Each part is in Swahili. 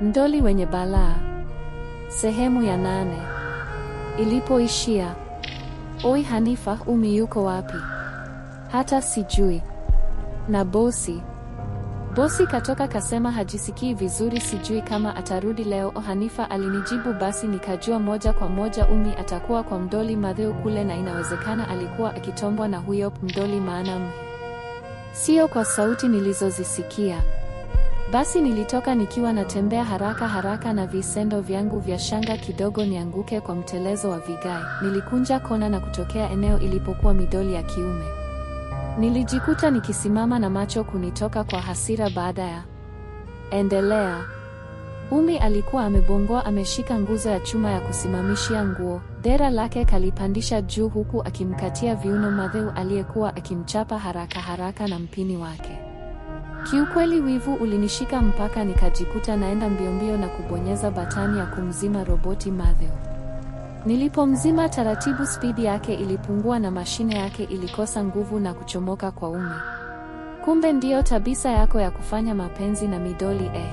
Mdoli wenye balaa. Sehemu ya nane. Ilipoishia. Oi Hanifa, Umi yuko wapi? Hata sijui. Na bosi. Bosi katoka kasema hajisikii vizuri, sijui kama atarudi leo. O Hanifa alinijibu, basi nikajua moja kwa moja Umi atakuwa kwa Mdoli Madheu kule, na inawezekana alikuwa akitombwa na huyo Mdoli, maana m. Sio kwa sauti nilizozisikia. Basi nilitoka nikiwa natembea haraka haraka na visendo vyangu vya shanga kidogo nianguke kwa mtelezo wa vigae. Nilikunja kona na kutokea eneo ilipokuwa midoli ya kiume. Nilijikuta nikisimama na macho kunitoka kwa hasira baada ya endelea. Umi alikuwa amebongoa ameshika nguzo ya chuma ya kusimamishia nguo. Dera lake kalipandisha juu huku akimkatia viuno Madheu aliyekuwa akimchapa haraka haraka na mpini wake. Kiukweli wivu ulinishika mpaka nikajikuta naenda mbio mbio na kubonyeza batani ya kumzima roboti Matthew. Nilipomzima taratibu, spidi yake ilipungua na mashine yake ilikosa nguvu na kuchomoka kwa ume. Kumbe ndiyo tabisa yako ya kufanya mapenzi na midoli eh.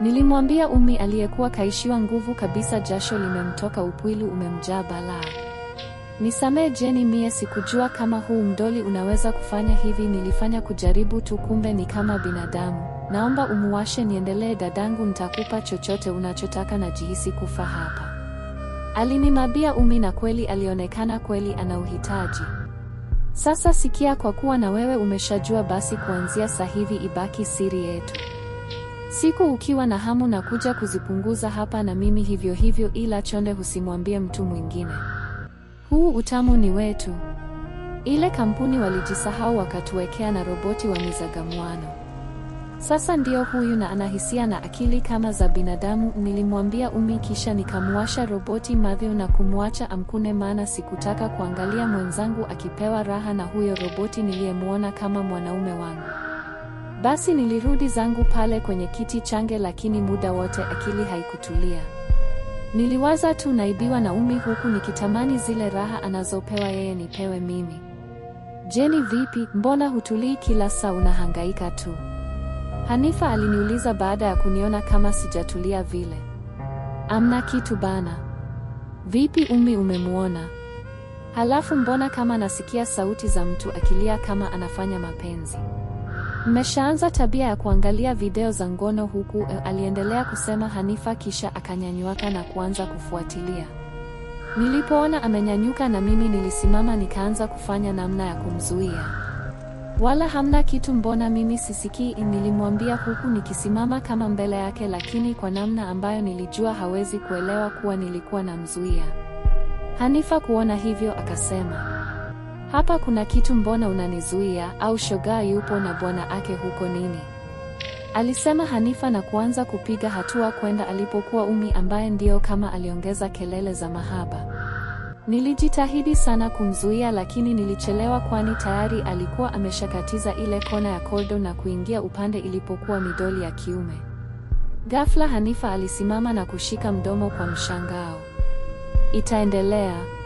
Nilimwambia Umi aliyekuwa kaishiwa nguvu kabisa, jasho limemtoka, upwilu umemjaa balaa. Nisamee Jeni, mie sikujua kama huu mdoli unaweza kufanya hivi. Nilifanya kujaribu tu, kumbe ni kama binadamu. Naomba umuwashe niendelee, dadangu, nitakupa chochote unachotaka, najihisi kufa hapa. Alinimabia Umi na kweli alionekana kweli ana uhitaji. Sasa sikia, kwa kuwa na wewe umeshajua, basi kuanzia sahivi hivi ibaki siri yetu. Siku ukiwa na hamu na kuja kuzipunguza hapa na mimi hivyo hivyo, ila chonde, husimwambie mtu mwingine. Huu utamu ni wetu. Ile kampuni walijisahau wakatuwekea na roboti wa mizagamwano. Sasa ndio huyu na anahisia na akili kama za binadamu, nilimwambia Umi, kisha nikamwasha roboti Mathew na kumwacha amkune, maana sikutaka kuangalia mwenzangu akipewa raha na huyo roboti niliyemwona kama mwanaume wangu. Basi nilirudi zangu pale kwenye kiti change, lakini muda wote akili haikutulia. Niliwaza tu naibiwa na umi huku nikitamani zile raha anazopewa yeye nipewe mimi. Jeni vipi, mbona hutulii kila saa unahangaika tu? Hanifa aliniuliza baada ya kuniona kama sijatulia vile. Amna kitu bana. Vipi Umi umemwona? Halafu mbona kama nasikia sauti za mtu akilia kama anafanya mapenzi? Mmeshaanza tabia ya kuangalia video za ngono huku, e, aliendelea kusema Hanifa kisha akanyanyuka na kuanza kufuatilia. Nilipoona amenyanyuka na mimi nilisimama nikaanza kufanya namna ya kumzuia. Wala hamna kitu, mbona mimi sisikii? Nilimwambia huku nikisimama kama mbele yake, lakini kwa namna ambayo nilijua hawezi kuelewa kuwa nilikuwa namzuia. Hanifa kuona hivyo akasema hapa kuna kitu, mbona unanizuia? Au shogaa yupo na bwana ake huko nini? Alisema Hanifa na kuanza kupiga hatua kwenda alipokuwa Umi ambaye ndiyo kama aliongeza kelele za mahaba. Nilijitahidi sana kumzuia lakini nilichelewa kwani tayari alikuwa ameshakatiza ile kona ya kordo na kuingia upande ilipokuwa midoli ya kiume. Ghafla Hanifa alisimama na kushika mdomo kwa mshangao. Itaendelea.